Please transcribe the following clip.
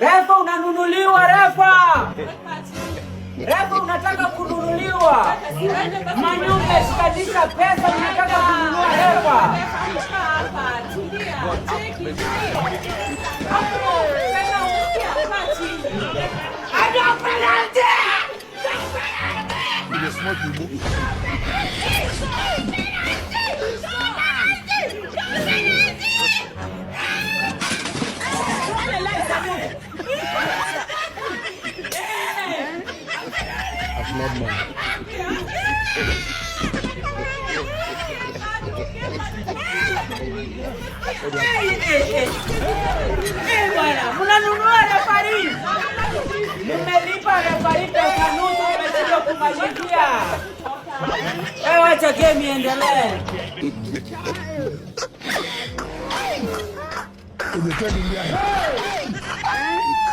Refa unanunuliwa refa. Refa unataka kununuliwa. Manyumba sikadisha pesa unataka kununua refa. Bwana, mnanunua refari, mmelipa refari pesa nusu, mmekuja kumalizia. Wacha game iendelee. time